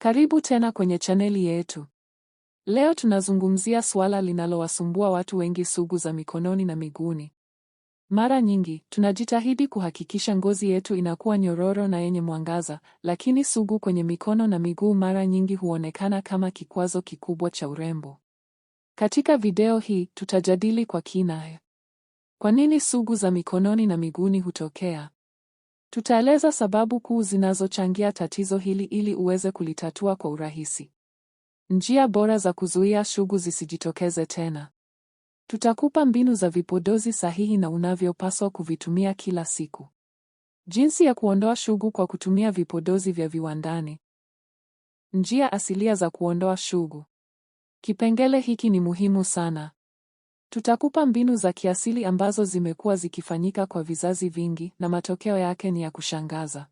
Karibu tena kwenye chaneli yetu. Leo tunazungumzia suala linalowasumbua watu wengi, sugu za mikononi na miguuni. Mara nyingi tunajitahidi kuhakikisha ngozi yetu inakuwa nyororo na yenye mwangaza, lakini sugu kwenye mikono na miguu mara nyingi huonekana kama kikwazo kikubwa cha urembo. Katika video hii tutajadili kwa kina: kwa nini sugu za mikononi na miguuni hutokea, Tutaeleza sababu kuu zinazochangia tatizo hili ili uweze kulitatua kwa urahisi. Njia bora za kuzuia shugu zisijitokeze tena. Tutakupa mbinu za vipodozi sahihi na unavyopaswa kuvitumia kila siku. Jinsi ya kuondoa shugu kwa kutumia vipodozi vya viwandani. Njia asilia za kuondoa shugu. Kipengele hiki ni muhimu sana. Tutakupa mbinu za kiasili ambazo zimekuwa zikifanyika kwa vizazi vingi na matokeo yake ni ya kushangaza.